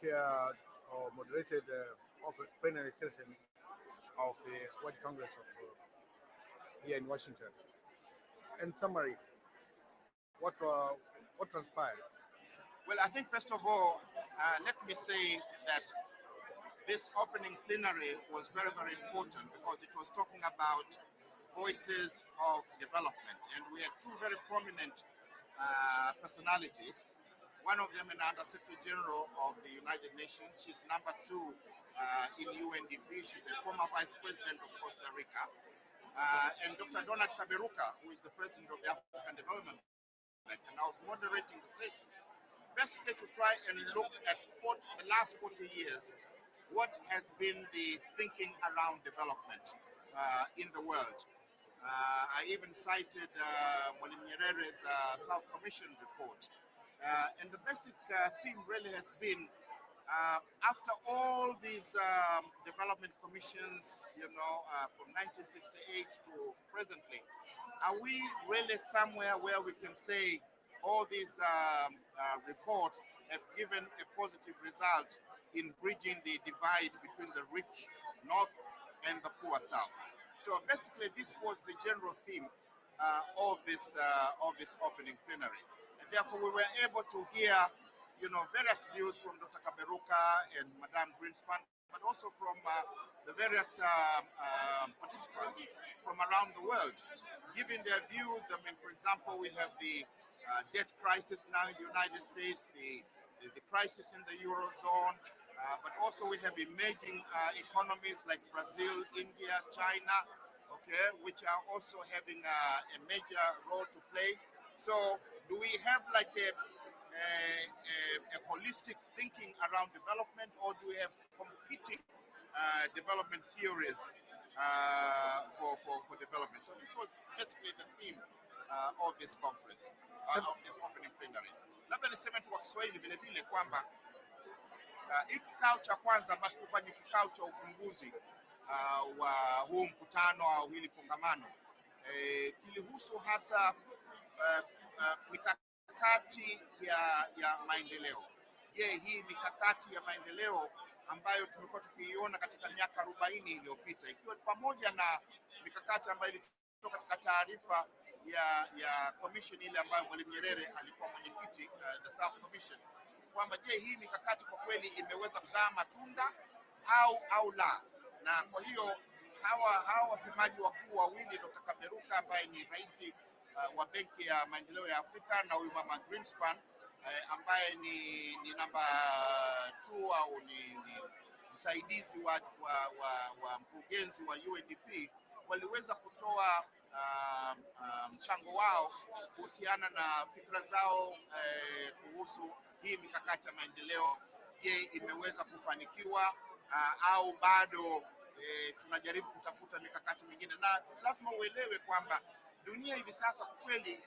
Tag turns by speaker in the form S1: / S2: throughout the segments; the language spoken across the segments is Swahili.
S1: chaired or moderated the uh, plenary session of the World Congress of, uh, here in Washington. In summary, what uh, what transpired?
S2: Well, I think first of all, uh, let me say that this opening plenary was very, very important because it was talking about voices of development, and we had two very prominent uh, personalities one of them an under secretary general of the united nations she's number two uh, in undp she's a former vice president of costa rica uh, and dr donald kaberuka who is the president of the african development bank and i was moderating the session basically to try and look at for, the last 40 years what has been the thinking around development uh, in the world uh, i even cited uh, Mwalimu Nyerere's uh, South Commission report, uh, and the basic uh, theme really has been uh, after all these um, development commissions, you know, from 1968 to presently, are we really somewhere where we can say all these um, reports have given a positive result in bridging the divide between the rich north and the poor south. So basically, this was the general theme uh, of this uh, of this opening plenary, and therefore we were able to hear, you know, various views from Dr. Kaberuka and Madame Greenspan, but also from uh, the various um, um, participants from around the world, giving their views. I mean, for example, we have the debt crisis now in the United States, the the, the crisis in the eurozone. Uh, but also we have emerging uh, economies like Brazil, India, China, yeah, which are also having a, a, major role to play. So, do we have like a, a, a holistic thinking around development, or do we have competing uh, development theories uh, for, for, for development? So, this was basically the theme uh, of this conference, uh, of this opening plenary. Labda niseme tu kwa Kiswahili vilevile kwamba uh, hiki kikao cha kwanza ambacho ni kikao cha ufunguzi Uh, wa huu mkutano au hili kongamano e, kilihusu hasa uh, uh, mikakati ya, ya maendeleo. Je, hii mikakati ya maendeleo ambayo tumekuwa tukiiona katika miaka arobaini iliyopita ikiwa pamoja na mikakati ambayo ilitoka katika taarifa ya ya commission ile ambayo Mwalimu Nyerere alikuwa mwenyekiti uh, the South Commission kwamba je, hii mikakati kwa kweli imeweza kuzaa matunda au au la? na kwa hiyo hawa hawa wasemaji wakuu wawili, Dr. Kaberuka ambaye ni rais uh, wa Benki ya Maendeleo ya Afrika na huyu mama Greenspan uh, ambaye ni, ni namba 2 au ni, ni msaidizi wa, wa, wa, wa mkurugenzi wa UNDP waliweza kutoa mchango uh, uh, mchango wao kuhusiana na fikra zao uh, kuhusu hii mikakati ya maendeleo. Je, imeweza kufanikiwa? uh, au bado e,
S3: tunajaribu kutafuta mikakati mingine, na lazima uelewe kwamba dunia hivi sasa kwa kweli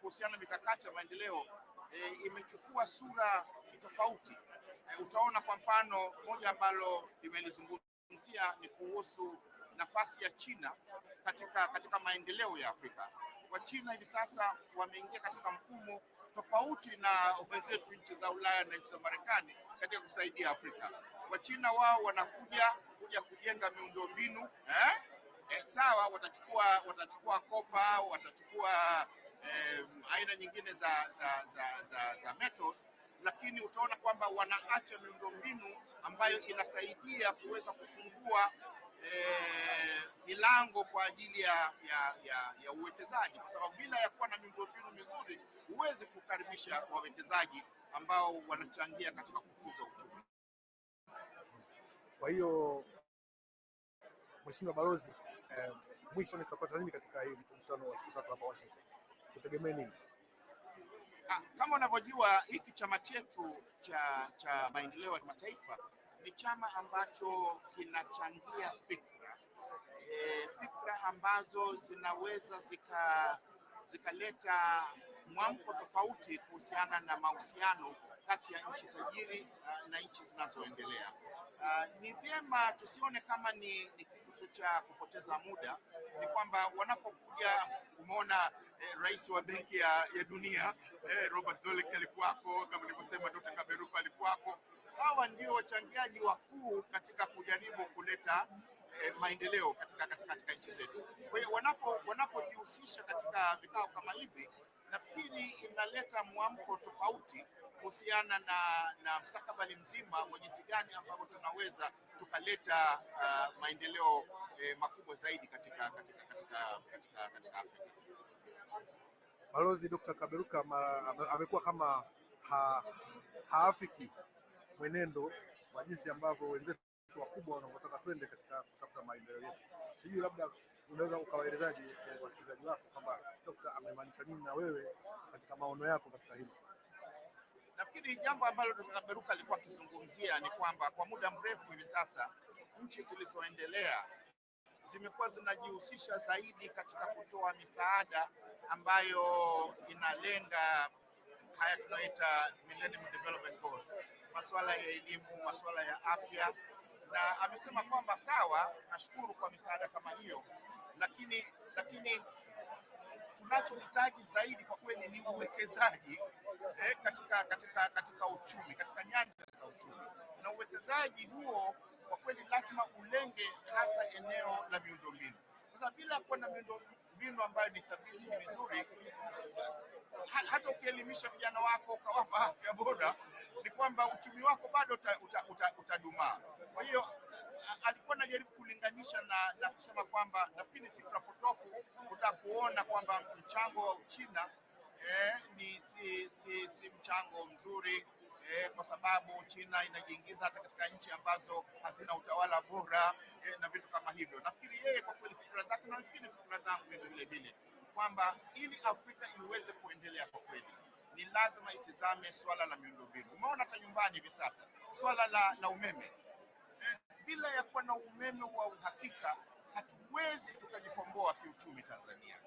S3: kuhusiana na mikakati ya maendeleo e, imechukua sura tofauti. E, utaona kwa mfano moja ambalo limelizungumzia ni kuhusu nafasi ya China katika, katika maendeleo ya Afrika. Kwa China hivi sasa wameingia katika mfumo tofauti na wenzetu nchi za Ulaya na nchi za Marekani katika kusaidia Afrika. Wachina wao wanakuja kuja kujenga miundombinu eh? Eh, sawa, watachukua watachukua kopa, watachukua eh, aina nyingine za za, za, za, za metals, lakini utaona kwamba wanaacha miundombinu ambayo inasaidia kuweza kufungua eh, milango kwa ajili ya, ya, ya, ya uwekezaji, kwa sababu bila ya kuwa na miundombinu mizuri huwezi kukaribisha wawekezaji ambao wanachangia katika kukuza uchumi. Kwa hiyo Mheshimiwa Balozi, eh, mwisho nitapata nini katika hii mkutano wa siku tatu hapa Washington? nini? Ah, kama unavyojua hiki chama chetu cha cha maendeleo ya kimataifa ni chama ambacho kinachangia fikra e, fikra ambazo zinaweza zika zikaleta mwamko tofauti kuhusiana na mahusiano kati ya nchi tajiri ah, na nchi zinazoendelea. Uh, ni vyema tusione kama ni, ni kitu tu cha kupoteza muda. Ni kwamba wanapokuja umeona eh, rais wa benki ya, ya dunia eh, Robert Zoelek alikuwako, kama nilivyosema Dr. Kaberuka alikuwako. Hawa ndio wachangiaji wakuu katika kujaribu kuleta eh, maendeleo katika, katika, katika nchi zetu. Kwa hiyo wanapojihusisha katika vikao kama hivi, nafikiri inaleta mwamko tofauti kuhusiana na, na mstakabali mzima wa jinsi gani ambavyo tunaweza tukaleta uh, maendeleo eh, makubwa zaidi katika, katika, katika, katika, katika Afrika.
S4: Balozi Dr. Kaberuka amekuwa kama ha, haafiki mwenendo wa jinsi ambavyo wenzetu wakubwa wanavyotaka twende katika kutafuta maendeleo yetu. Sijui labda unaweza ukawaelezaje eh, wasikilizaji wako kwamba Dr. amemaanisha nini na wewe katika maono yako katika hilo?
S3: Nafikiri jambo ambalo Dr. Peruka alikuwa akizungumzia ni kwamba kwa muda mrefu hivi sasa nchi zilizoendelea zimekuwa zinajihusisha zaidi katika kutoa misaada ambayo inalenga haya tunaita Millennium Development Goals, masuala ya elimu, masuala ya afya, na amesema kwamba sawa, nashukuru kwa misaada kama hiyo, lakini lakini tunachohitaji zaidi kwa kweli ni uwekezaji eh, katika, katika, katika uchumi katika nyanja za uchumi, na uwekezaji huo kwa kweli lazima ulenge hasa eneo la miundombinu, kwa sababu bila kuwa na miundombinu ambayo ni thabiti vizuri, hata ukielimisha vijana wako ukawapa afya bora, ni kwamba uchumi wako bado utadumaa uta, uta, uta. Kwa hiyo alikuwa anajaribu kulinganisha na, na kusema kwamba nafikiri fikra potofu utakuona kwamba mchango wa Uchina eh, ni si, si, si mchango mzuri eh, kwa sababu China inajiingiza hata katika nchi ambazo hazina utawala bora eh, na vitu kama hivyo. Nafikiri yeye eh, kwa kweli fikra zake na nafikiri fikra zangu mimi vile vile kwamba ili Afrika iweze kuendelea kwa kweli ni lazima itizame swala la miundombinu. Umeona hata nyumbani hivi sasa swala la, la umeme bila ya kuwa na umeme wa uhakika hatuwezi tukajikomboa kiuchumi Tanzania.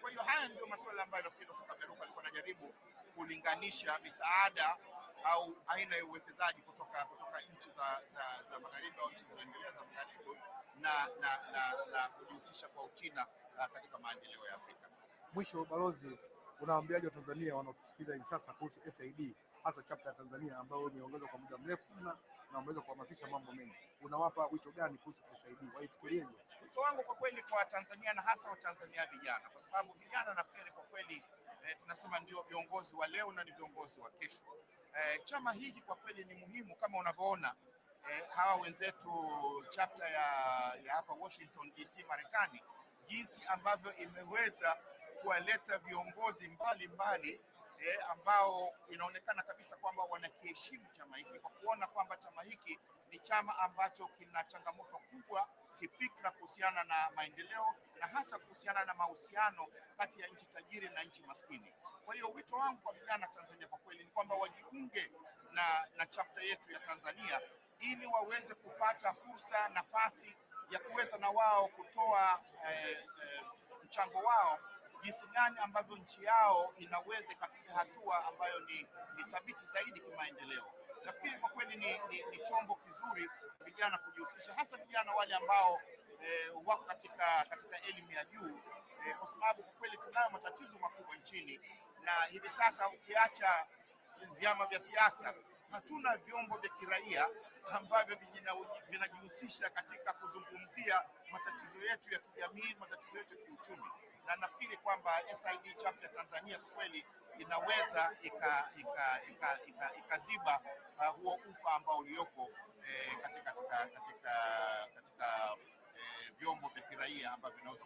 S3: Kwa hiyo haya ndio masuala ambayo nafikiri kutoka Beruku alikuwa anajaribu kulinganisha misaada au aina ya uwekezaji kutoka kutoka nchi za, za, za magharibi au nchi zilizoendelea za magharibi na, na, na, na kujihusisha kwa Uchina uh, katika maendeleo ya Afrika.
S4: Mwisho, balozi, unawaambiaje Watanzania wanaotusikiliza hivi sasa kuhusu SAD hasa chapter ya Tanzania ambayo imeongezwa kwa muda mrefu sana na umeweza kuhamasisha mambo mengi, unawapa wito gani kuhusu KCD? Waichukulieje?
S3: Wito wangu kwa kweli kwa Tanzania na hasa Watanzania vijana, kwa sababu vijana nafikiri kwa kweli eh, tunasema ndio viongozi wa leo na ni viongozi wa kesho. Eh, chama hiki kwa kweli ni muhimu kama unavyoona eh, hawa wenzetu chapter ya, ya hapa Washington DC Marekani, jinsi ambavyo imeweza kuwaleta viongozi mbalimbali mbali, eh, ambao inaonekana kabisa kwamba wanakiheshimu chama hiki kwa kuona kwamba chama hiki ni chama ambacho kina changamoto kubwa kifikra kuhusiana na maendeleo na hasa kuhusiana na mahusiano kati ya nchi tajiri na nchi maskini. Kwa hiyo wito wangu kwa vijana Tanzania kwa kweli ni kwamba wajiunge na, na chapter yetu ya Tanzania ili waweze kupata fursa, nafasi ya kuweza na wao kutoa eh, eh, mchango wao jinsi gani ambavyo nchi yao inaweza ikapiga hatua ambayo ni, ni thabiti zaidi kimaendeleo. Nafikiri kwa kweli ni, ni, ni chombo kizuri vijana kujihusisha, hasa vijana wale ambao eh, wako katika katika elimu ya juu eh, kwa sababu kwa kweli tunayo matatizo makubwa nchini, na hivi sasa ukiacha vyama vya siasa hatuna vyombo vya kiraia ambavyo vinajihusisha katika kuzungumzia matatizo yetu ya kijamii, matatizo yetu ya kiuchumi, na nafikiri kwamba SID Chapter Tanzania kwa kweli inaweza ikaziba ika, ika, ika, ika uh, huo ufa ambao ulioko eh, katika, katika, katika, katika eh, vyombo vya kiraia ambavyo vinaweza